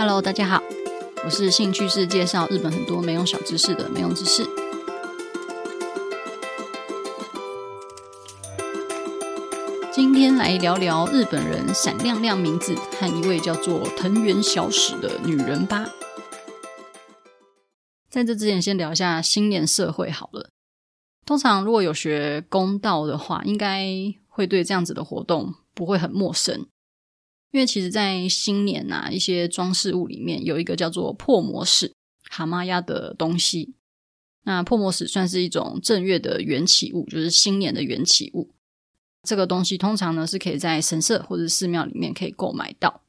Hello，大家好，我是興趣是介紹日本很多沒用小知識的沒用知識。今天來聊聊日本人閃亮亮名字和一位叫做藤原小屎的女人吧。在這之前，先聊一下新年射會好了。通常如果有學弓道的話，應該會對這樣子的活動不會很陌生。因為其實，在新年吶、啊，一些裝飾物裡面有一個叫做破魔石蛤蟆呀的東西。那破魔石算是一種正月的緣起物，就是新年的緣起物。這個東西通常呢是可以在神社或者寺廟裡面可以購買到。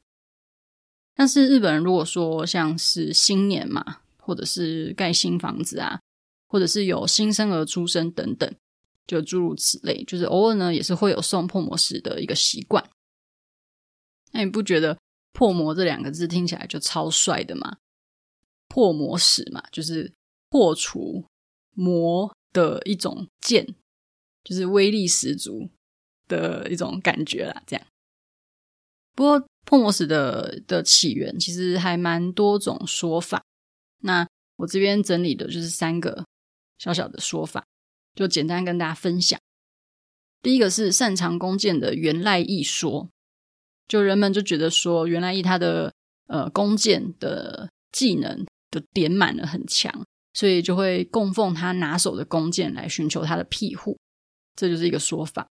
但是日本人如果說像是新年嘛，或者是蓋新房子啊，或者是有新生兒出生等等，就諸如此類，就是偶爾呢也是會有送破魔石的一個習慣。那你不覺得“破魔”這兩個字聽起來就超帥的嗎？破魔矢嘛，就是破除魔的一種箭，就是威力十足的一種感覺啦。這樣，不過破魔矢的的起源其實還蠻多種說法。那我這邊整理的就是三個小小的說法，就簡單跟大家分享。第一個是擅長弓箭的源賴義說。就人們就覺得說，原來以他的呃弓箭的技能就點滿了很強，所以就會供奉他拿手的弓箭來尋求他的庇護，這就是一個說法。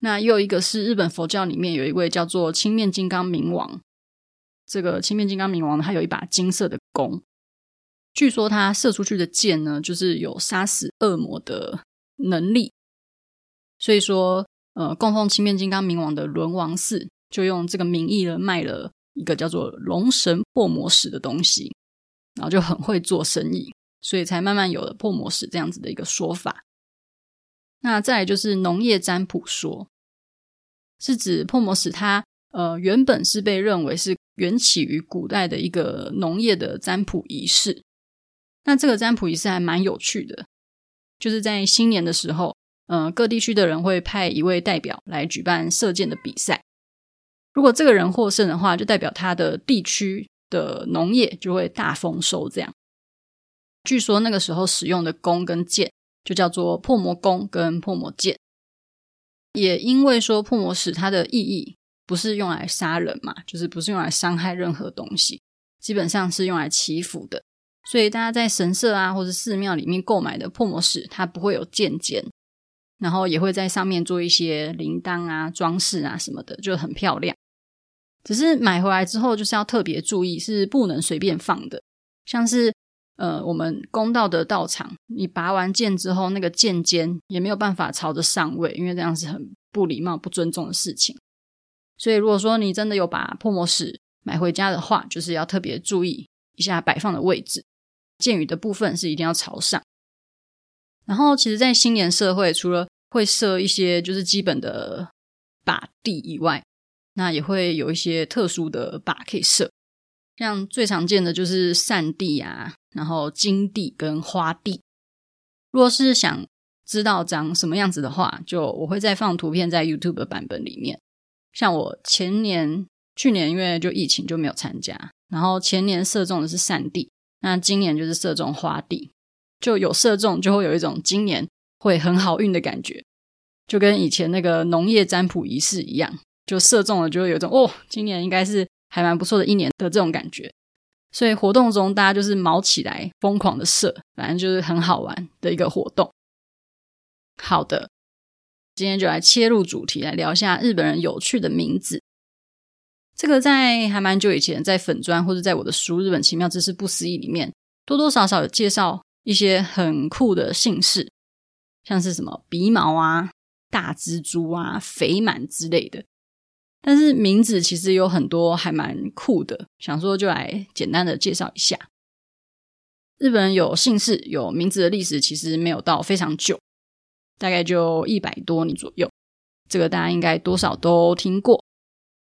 那又一個是日本佛教裡面有一位叫做青面金剛明王，這個青面金剛明王呢，他有一把金色的弓，據說他射出去的箭呢，就是有殺死惡魔的能力，所以說呃供奉青面金剛明王的輪王寺。就用這個名義了，賣了一個叫做“龍神破魔石”的東西，然後就很會做生意，所以才慢慢有了“破魔石”這樣子的一個說法。那再來就是農業占卜說，是指破魔石它呃原本是被認為是緣起於古代的一個農業的占卜儀式。那這個占卜儀式還蠻有趣的，就是在新年的時候，呃，各地區的人會派一位代表來舉辦射箭的比賽。如果這個人獲勝的話，就代表他的地區的農業就會大豐收這樣。據說那個時候使用的弓跟箭就叫做破魔弓跟破魔箭。也因為說破魔矢它的意義不是用來殺人嘛，就是不是用來傷害任何東西，基本上是用來祈福的。所以大家在神社啊或者寺廟裡面購買的破魔矢，它不會有箭尖，然後也會在上面做一些鈴鐺啊、裝飾啊什麼的，就很漂亮。只是買回來之後，就是要特別注意，是不能隨便放的。像是呃，我們弓道的道場，你拔完箭之後，那個箭尖也沒有辦法朝着上位，因為這樣是很不禮貌、不尊重的事情。所以，如果說你真的有把破魔矢買回家的話，就是要特別注意一下擺放的位置。箭羽的部分是一定要朝上。然後，其實，在新年社會，除了會設一些就是基本的靶地以外。那也會有一些特殊的靶可以射，像最常見的就是善地啊，然後金地跟花地。若是想知道長什麼樣子的話，就我會再放圖片在 YouTube 的版本裡面。像我前年、去年因為就疫情就沒有參加，然後前年射中的是善地，那今年就是射中花地，就有射中就會有一種今年會很好運的感覺，就跟以前那個農業占卜儀式一樣。就射中了就，就會有一種哦，今年應該是還蠻不錯的一年的這種感覺。所以活動中大家就是毛起來瘋狂的射，反正就是很好玩的一個活動。好的，今天就來切入主題，來聊一下日本人有趣的名字。這個在還蠻久以前，在粉專或者在我的書《日本奇妙知識不思議》裡面，多多少少有介紹一些很酷的姓氏，像是什麼鼻毛啊、大蜘蛛啊、肥滿之類的。但是名字其實有很多還蠻酷的，想說就來簡單的介紹一下。日本有姓氏，有名字的歷史其實沒有到非常久，大概就一百多年左右。這個大家應該多少都聽過，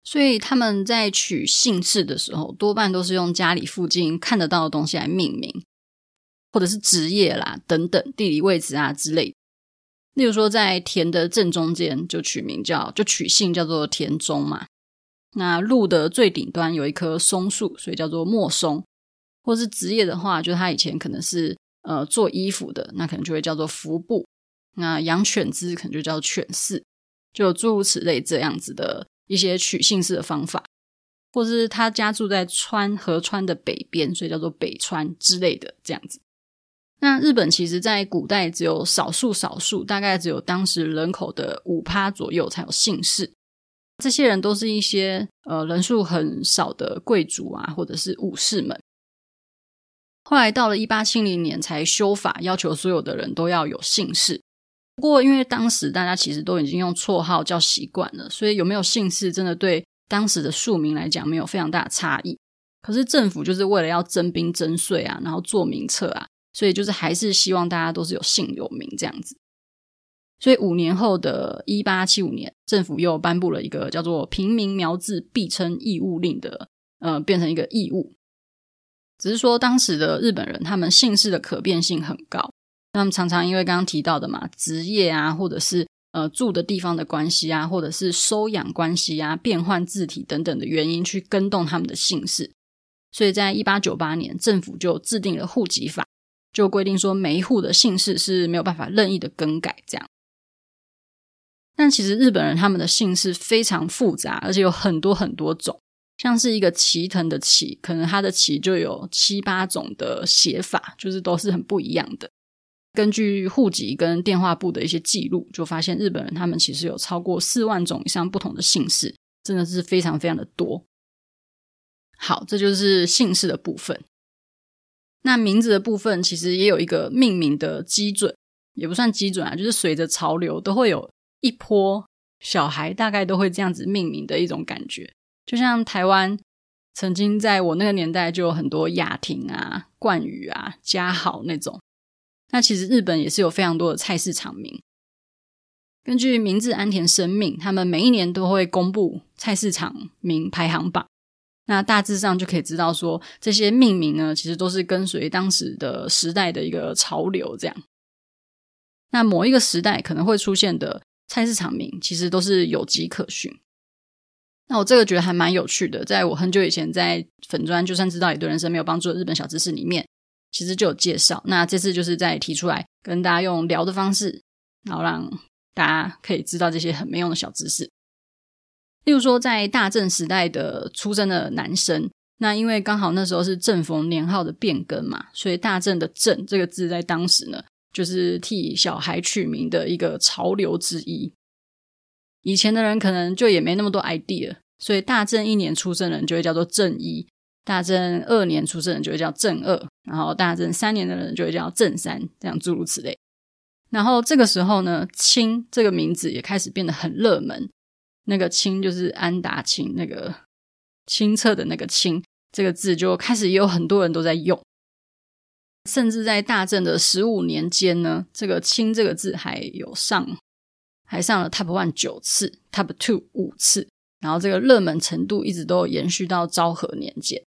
所以他們在取姓氏的時候，多半都是用家裡附近看得到的東西來命名，或者是職業啦、等等，地理位置啊之類的。例如說，在田的正中間就取名叫，就取姓叫做田中嘛。那路的最頂端有一棵松樹，所以叫做末松。或是職業的話，就他以前可能是呃做衣服的，那可能就會叫做服部。那養犬隻可能就叫犬飼，就有諸如此類這樣子的一些取姓氏的方法。或是他家住在川河川的北邊，所以叫做北川之類的這樣子。那日本其實，在古代只有少數少數，大概只有當時人口的五趴左右才有姓氏。這些人都是一些呃人數很少的貴族啊，或者是武士們。後來到了一八七零年才修法，要求所有的人都要有姓氏。不過，因為當時大家其實都已經用綽號叫習慣了，所以有沒有姓氏真的對當時的庶民來講沒有非常大的差異。可是政府就是為了要徵兵、徵稅啊，然後做名冊啊。所以就是還是希望大家都是有姓有名這樣子。所以五年後的一八七五年，政府又頒布了一個叫做《平民苗字必稱義務令》的，呃，變成一個義務。只是說當時的日本人他們姓氏的可變性很高，他們常常因為剛剛提到的嘛，職業啊，或者是呃住的地方的關係啊，或者是收養關係啊，變換字體等等的原因去更動他們的姓氏。所以在一八九八年，政府就制定了戶籍法。就規定說，每一戶的姓氏是沒有辦法任意的更改這樣。但其實日本人他們的姓氏非常複雜，而且有很多很多種，像是一個齊藤的齊，可能他的齊就有七八種的寫法，就是都是很不一樣的。根據戶籍跟電話簿的一些記錄，就發現日本人他們其實有超過四萬種以上不同的姓氏，真的是非常非常的多。好，這就是姓氏的部分。那名字的部分其實也有一個命名的基準，也不算基準啊，就是隨着潮流都會有，一波小孩大概都會這樣子命名的一種感覺。就像台灣曾經在我那個年代就有很多雅婷啊、冠宇啊、家豪那種。那其實日本也是有非常多的菜市場名。根據明治安田生命，他們每一年都會公布菜市場名排行榜。那大致上就可以知道說，說這些命名呢，其實都是跟隨當時的時代的一個潮流。這樣，那某一個時代可能會出現的菜市場名，其實都是有跡可循。那我這個覺得還蠻有趣的，在我很久以前在粉專就算知道也對人生沒有幫助的日本小知識裡面，其實就有介紹。那這次就是在提出來跟大家用聊的方式，然後讓大家可以知道這些很沒用的小知識。例如說，在大正時代的出生的男生，那因為剛好那時候是正逢年號的變更嘛，所以大正的“正”這個字在當時呢，就是替小孩取名的一個潮流之一。以前的人可能就也沒那麼多 idea，所以大正一年出生的人就會叫做正一，大正二年出生的人就會叫正二，然後大正三年的人就會叫正三，這樣諸如此類。然後這個時候呢，清這個名字也開始變得很熱門。那個“清”就是安達清，那個清澈的那個“清”這個字，就開始也有很多人都在用，甚至在大正的十五年間呢，這個“清”這個字還有上，還上了 Top One 九次，Top Two 五次，然後這個熱門程度一直都延續到昭和年間。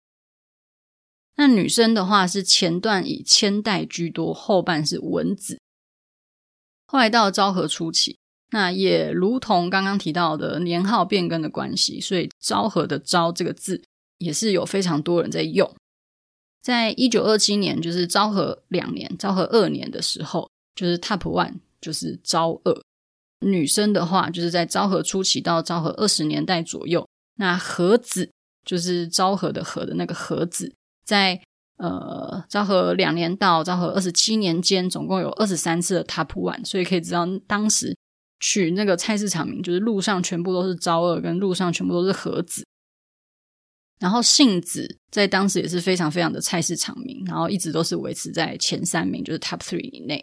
那女生的話是前段以千代居多，後半是文子，後來到昭和初期。那也如同剛剛提到的年號變更的關係，所以昭和的昭這個字也是有非常多人在用。在一九二七年，就是昭和兩年，昭和二年的時候，就是 Top One 就是昭二。女生的話，就是在昭和初期到昭和二十年代左右，那和子就是昭和的和的那個和子，在呃昭和兩年到昭和二十七年間，總共有二十三次的 Top One，所以可以知道當時。去那個菜市場名，就是路上全部都是昭二，跟路上全部都是和子。然後杏子在當時也是非常非常的菜市場名，然後一直都是維持在前三名，就是 top three 以內。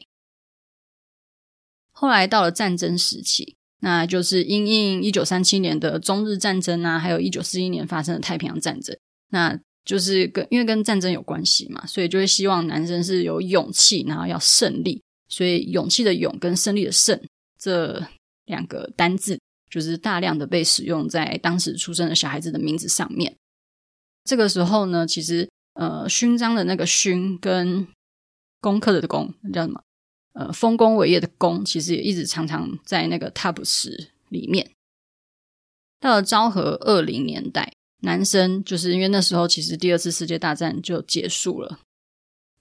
後來到了戰爭時期，那就是因應一九三七年的中日戰爭啊，還有一九四一年發生的太平洋戰爭，那就是跟因為跟戰爭有關係嘛，所以就是希望男生是有勇氣，然後要勝利，所以勇氣的勇跟勝利的勝。這兩個單字就是大量的被使用在當時出生的小孩子的名字上面。這個時候呢，其實呃，勳章的那個勳跟功課的功叫什麼？呃，豐功偉業的功，其實也一直常常在那個 top 10裡面。到了昭和二零年代，男生就是因為那時候其實第二次世界大戰就結束了，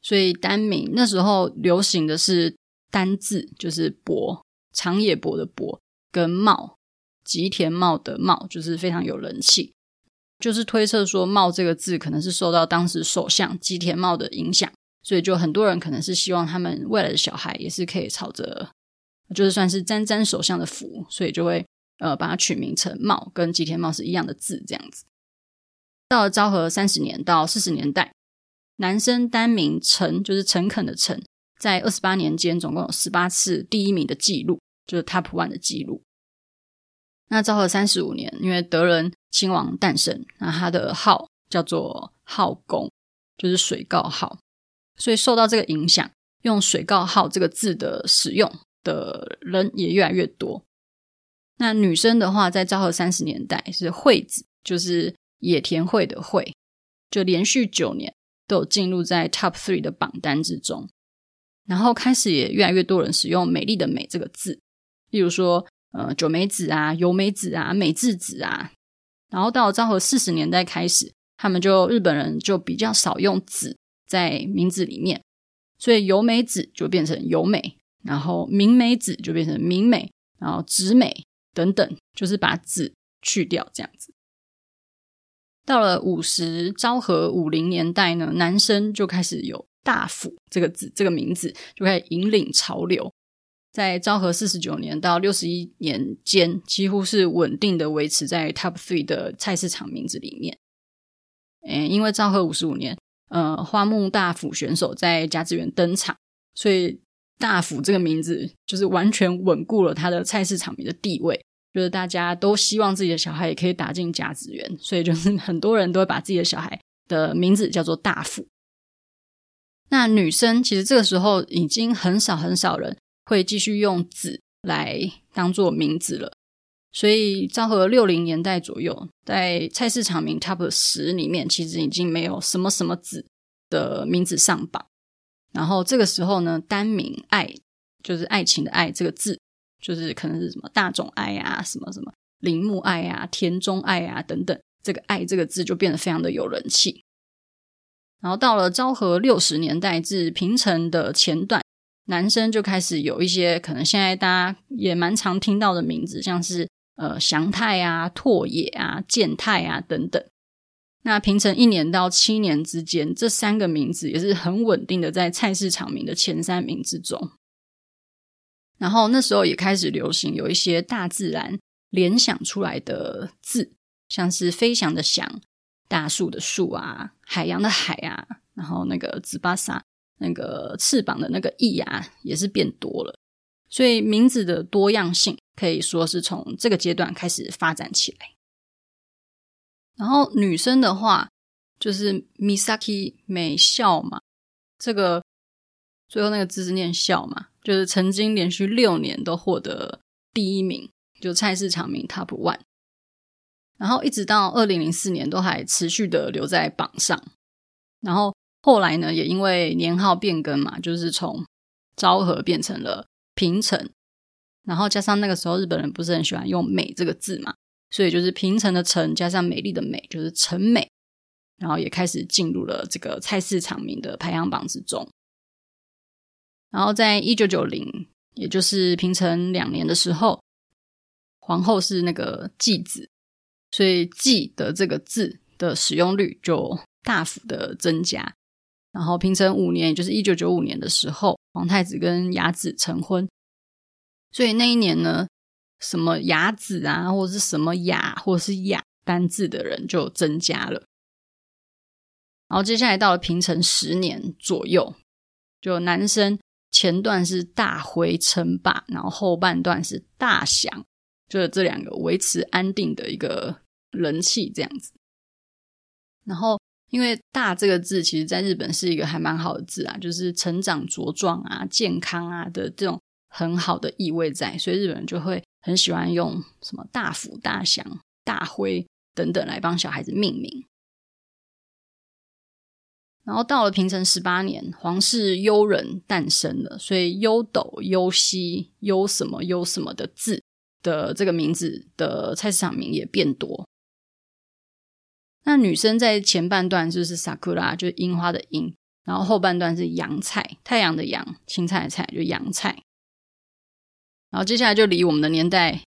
所以單名那時候流行的是單字，就是博，長野博的博跟茂，吉田茂的茂就是非常有人氣，就是推測說茂這個字可能是受到當時首相吉田茂的影響，所以就很多人可能是希望他們未來的小孩也是可以朝着，就是算是沾沾首相的福，所以就會呃把它取名成茂，跟吉田茂是一樣的字這樣子。到了昭和三十年到四十年代，男生單名誠，就是誠懇的誠。在二十八年間，總共有十八次第一名的記錄，就是 Top One 的記錄。那昭和三十五年，因為德仁親王誕生，那他的號叫做浩宮，就是水告浩，所以受到這個影響，用水告浩這個字的使用的人也越來越多。那女生的話，在昭和三十年代是惠子，就是野田惠的惠，就連續九年都有進入在 Top Three 的榜單之中。然後開始也越來越多人使用“美麗的美”這個字，例如說，呃，久美子啊、由美子啊、美智子啊。然後到了昭和四十年代開始，他們就日本人就比較少用“子”在名字裡面，所以由美子就變成由美，然後明美子就變成明美，然後直美等等，就是把“子”去掉這樣子。到了五十昭和五零年代呢，男生就開始有。大輔這個字，這個名字就開始引領潮流，在昭和四十九年到六十一年間，幾乎是穩定地維持在 Top Three 的菜市場名字裡面。哎，因為昭和五十五年，呃，花木大輔選手在甲子園登場，所以大輔這個名字就是完全穩固了他的菜市場名的地位。就是大家都希望自己的小孩也可以打進甲子園，所以就是很多人都會把自己的小孩的名字叫做大輔。那女生其實這個時候已經很少很少人會繼續用“子”來當做名字了，所以昭和六零年代左右，在菜市場名 top 10裡面，其實已經沒有什麼什麼“子”的名字上榜。然後這個時候呢，單名“愛”就是愛情的“愛”這個字，就是可能是什麼大塚愛啊，什麼什麼鈴木愛啊，田中愛啊等等，這個“愛”這個字就變得非常的有人氣。然後到了昭和六十年代至平成的前段，男生就開始有一些可能現在大家也蠻常聽到的名字，像是呃、祥太啊、拓也啊、健太啊等等。那平成一年到七年之間，這三個名字也是很穩定的在菜市場名的前三名之中。然後那時候也開始流行有一些大自然聯想出來的字，像是飛翔的翔。大樹的樹啊，海洋的海啊，然後那個紫巴薩，那個翅膀的那個翼啊，也是變多了。所以名字的多樣性可以說是從這個階段開始發展起來。然後女生的話，就是 Misaki 美笑嘛，這個最後那個字是念笑嘛，就是曾經連續六年都獲得第一名，就菜市場名 Top One。然後一直到二零零四年都還持續的留在榜上，然後後來呢，也因為年號變更嘛，就是從昭和變成了平成，然後加上那個時候日本人不是很喜歡用美這個字嘛，所以就是平成的成加上美麗的美就是成美，然後也開始進入了這個菜市場名的排行榜之中。然後在一九九零，也就是平成兩年的時候，皇後是那個紀子。所以“紀”的這個字的使用率就大幅的增加。然後平成五年，也就是一九九五年的時候，皇太子跟雅子成婚，所以那一年呢，什麼雅子啊，或者是什麼雅，或者是雅單字的人就增加了。然後接下來到了平成十年左右，就男生前段是大輝稱霸，然後後半段是大翔。就是這兩個維持安定的一個人氣這樣子，然後因為“大”這個字，其實在日本是一個還蠻好的字啊，就是成長茁壯啊、健康啊的這種很好的意味在，所以日本人就會很喜歡用什麼大輔、大祥、大輝等等來幫小孩子命名。然後到了平成十八年，皇室悠仁誕生了，所以優鬥、優希」、「優什麼、優什麼的字。的這個名字的菜市場名也變多。那女生在前半段就是“ sakura”，就是櫻花的櫻，然後後半段是“陽菜”，太陽的陽，青菜的菜就是“陽菜”。然後接下來就離我們的年代，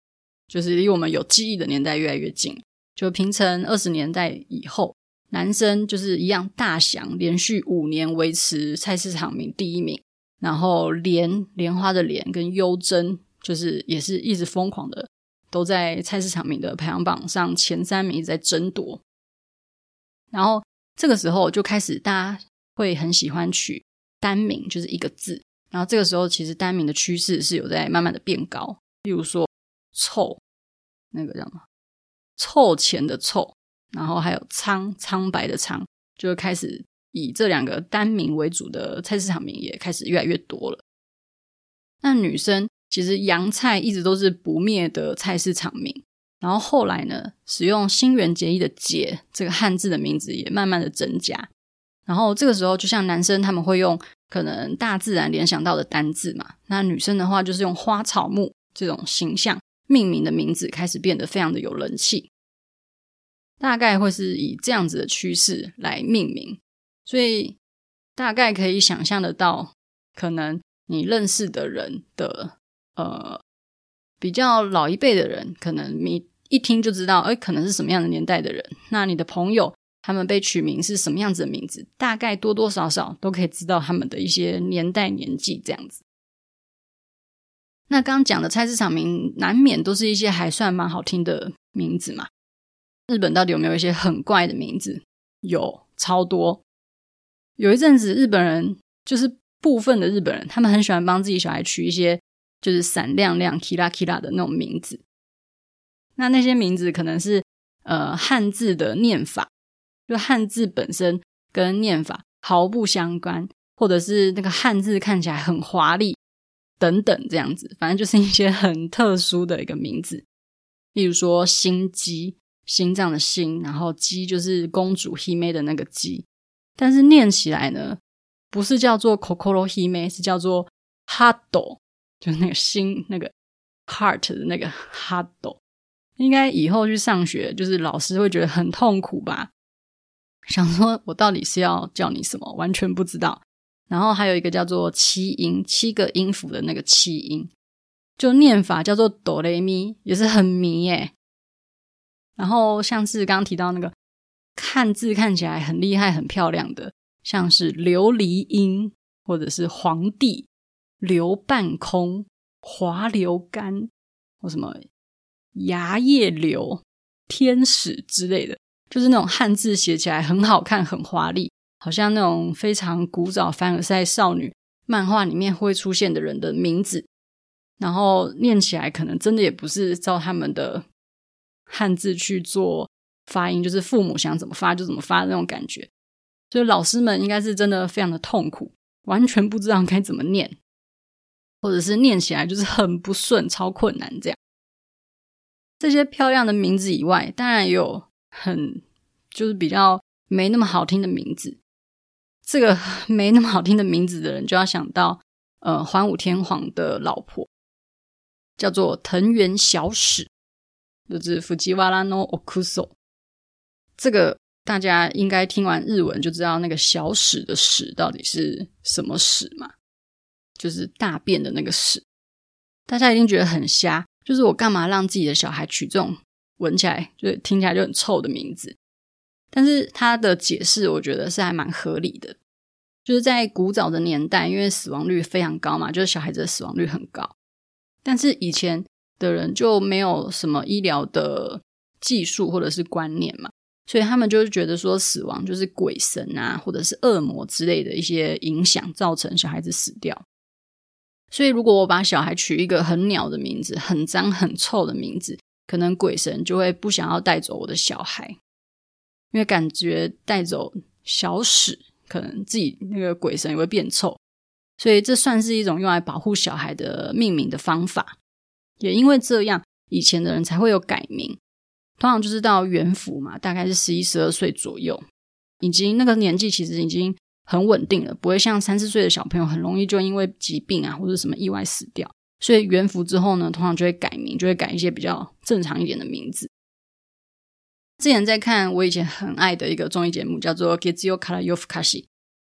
就是離我們有記憶的年代越來越近。就平成二十年代以後，男生就是一樣大翔，連續五年維持菜市場名第一名。然後蓮蓮花的蓮跟優真。就是也是一直瘋狂的，都在菜市場名的排行榜上前三名一直在爭奪。然後這個時候就開始，大家會很喜歡取單名，就是一個字。然後這個時候，其實單名的趨勢是有在慢慢的變高。例如說“湊”那個叫什麼“湊錢”的“湊”，然後還有“蒼”蒼白的“蒼”，就開始以這兩個單名為主的菜市場名也開始越來越多了。那女生。其實洋菜一直都是不滅的菜市場名，然後後來呢，使用新垣結衣的“結”這個漢字的名字也慢慢的增加。然後這個時候，就像男生他們會用可能大自然聯想到的單字嘛，那女生的話就是用花草木這種形象命名的名字開始變得非常的有人氣，大概會是以這樣子的趨勢來命名，所以大概可以想象得到，可能你認識的人的。呃，比較老一輩的人，可能你一聽就知道，哎、欸，可能是什麼樣的年代的人。那你的朋友，他們被取名是什麼樣子的名字，大概多多少少都可以知道他們的一些年代年紀這樣子。那剛剛講的菜市場名，難免都是一些還算蠻好聽的名字嘛。日本到底有沒有一些很怪的名字？有，超多。有一陣子，日本人就是部分的日本人，他們很喜歡幫自己小孩取一些。就是閃亮亮、kira k i a 的那種名字。那那些名字可能是呃漢字的念法，就漢字本身跟念法毫不相關，或者是那個漢字看起來很華麗等等這樣子。反正就是一些很特殊的一個名字，例如說“心機”、“心臟”的“心”，然後“雞就是公主 h 妹的那個肌“雞，但是念起來呢，不是叫做 Kokoro h e 是叫做 Hado。就是那個心，那個 heart 的那個哈斗，應該以後去上學，就是老師會覺得很痛苦吧？想說我到底是要叫你什麼，完全不知道。然後還有一個叫做七音，七個音符的那個七音，就念法叫做哆來咪，也是很迷耶、欸。然後像是剛剛提到那個漢字，看起來很厲害、很漂亮的，像是琉璃音或者是皇帝。流半空，滑流干或什麼牙葉流，天使之類的，就是那種漢字寫起來很好看、很華麗，好像那種非常古早《凡爾賽少女》漫畫裡面會出現的人的名字。然後念起來可能真的也不是照他們的漢字去做發音，就是父母想怎麼發就怎麼發的那種感覺。所以老師們應該是真的非常的痛苦，完全不知道該怎麼念。或者是念起來就是很不順、超困難這樣。這些漂亮的名字以外，當然也有很就是比較沒那麼好聽的名字。這個沒那麼好聽的名字的人，就要想到呃，桓武天皇的老婆叫做藤原小屎，就是福吉瓦拉諾奧庫索。這個大家應該聽完日文就知道那個小屎的屎到底是什麼屎嘛。就是大便的那個屎，大家一定覺得很瞎。就是我幹嘛讓自己的小孩取這種聞起來就是、聽起來就很臭的名字？但是他的解釋，我覺得是還蠻合理的。就是在古早的年代，因為死亡率非常高嘛，就是小孩子的死亡率很高。但是以前的人就沒有什麼醫療的技術或者是觀念嘛，所以他們就是覺得說死亡就是鬼神啊，或者是惡魔之類的一些影響造成小孩子死掉。所以，如果我把小孩取一個很鳥的名字、很髒很臭的名字，可能鬼神就會不想要帶走我的小孩，因為感覺帶走小屎，可能自己那個鬼神也會變臭。所以，這算是一種用來保護小孩的命名的方法。也因為這樣，以前的人才會有改名，通常就是到元服嘛，大概是十一、十二歲左右，已經那個年紀，其實已經，很穩定了，不會像三四歲的小朋友很容易就因為疾病啊或者什麼意外死掉。所以元服之後呢，通常就會改名，就會改一些比較正常一點的名字。之前在看我以前很愛的一個綜藝節目，叫做《Kitsio Kala y o 卡 k a s h i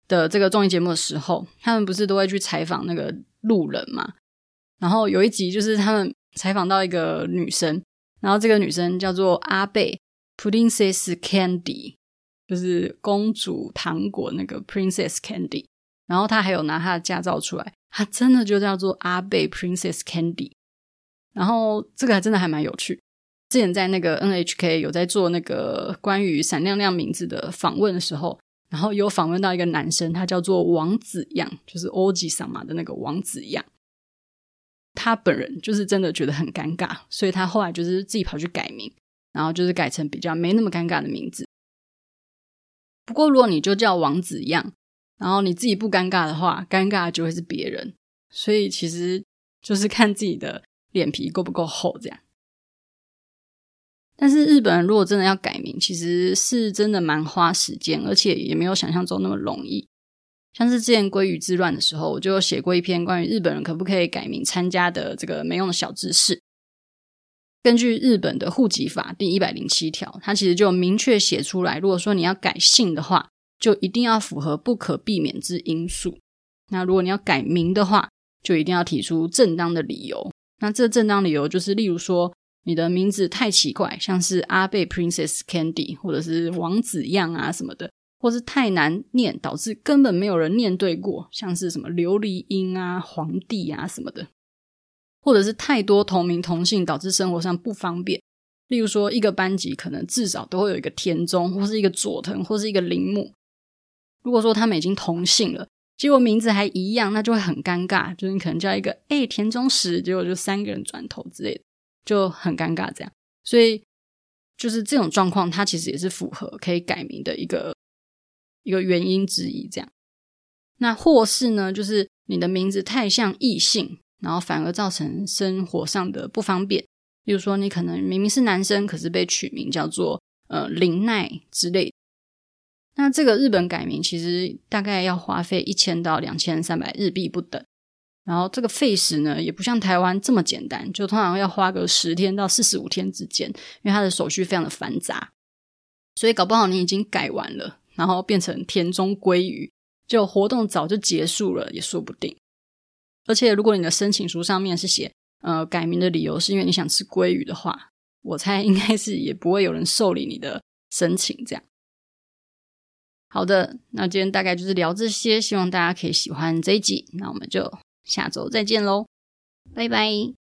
的這個綜藝節目的時候，他們不是都會去採訪那個路人嘛？然後有一集就是他們採訪到一個女生，然後這個女生叫做阿貝普 c a 斯坎迪。就是公主糖果那個 Princess Candy，然後他還有拿他的駕照出來，他真的就叫做阿貝 Princess Candy。然後這個還真的還蠻有趣。之前在那個 NHK 有在做那個關於閃亮亮名字的訪問的時候，然後有訪問到一個男生，他叫做王子樣，就是 Oji-sama 嘛的那個王子樣。他本人就是真的覺得很尷尬，所以他後來就是自己跑去改名，然後就是改成比較沒那麼尷尬的名字。不過，如果你就叫王子一樣，然後你自己不尷尬的話，尷尬就會是別人。所以其實就是看自己的臉皮夠不夠厚這樣。但是日本人如果真的要改名，其實是真的蠻花時間，而且也沒有想象中那麼容易。像是之前鮭魚之亂的時候，我就寫過一篇關於日本人可不可以改名參加的這個沒用的小知識。根據日本的戶籍法第一百零七條，它其實就明確寫出來，如果說你要改姓的話，就一定要符合不可避免之因素；那如果你要改名的話，就一定要提出正當的理由。那這正當理由就是，例如說你的名字太奇怪，像是阿貝 Princess Candy，或者是王子樣啊什麼的，或是太難念，導致根本沒有人念對過，像是什麼琉璃音啊、皇帝啊什麼的。或者是太多同名同姓，導致生活上不方便，例如說一個班級可能至少都會有一個田中或是一個佐藤或是一個鈴木。如果說他們已經同姓了，結果名字還一樣，那就會很尷尬。就是你可能叫一個誒、欸、田中史，結果就三個人轉頭之類的，就很尷尬。這樣，所以就是這種狀況，它其實也是符合可以改名的一個一個原因之一。這樣，那或是呢，就是你的名字太像異性。然後反而造成生活上的不方便，例如說你可能明明是男生，可是被取名叫做呃林奈之類的。那這個日本改名其實大概要花費一千到兩千三百日幣不等，然後這個費時呢也不像台灣這麼簡單，就通常要花個十天到四十五天之間，因為他的手續非常的繁雜，所以搞不好你已經改完了，然後變成田中鮭魚，就活動早就結束了也說不定。而且，如果你的申請書上面是寫，呃，改名的理由是因為你想吃鮭魚的話，我猜應該是也不會有人受理你的申請這樣。好的，那今天大概就是聊這些，希望大家可以喜歡這一集。那我們就下周再見嘍，拜拜。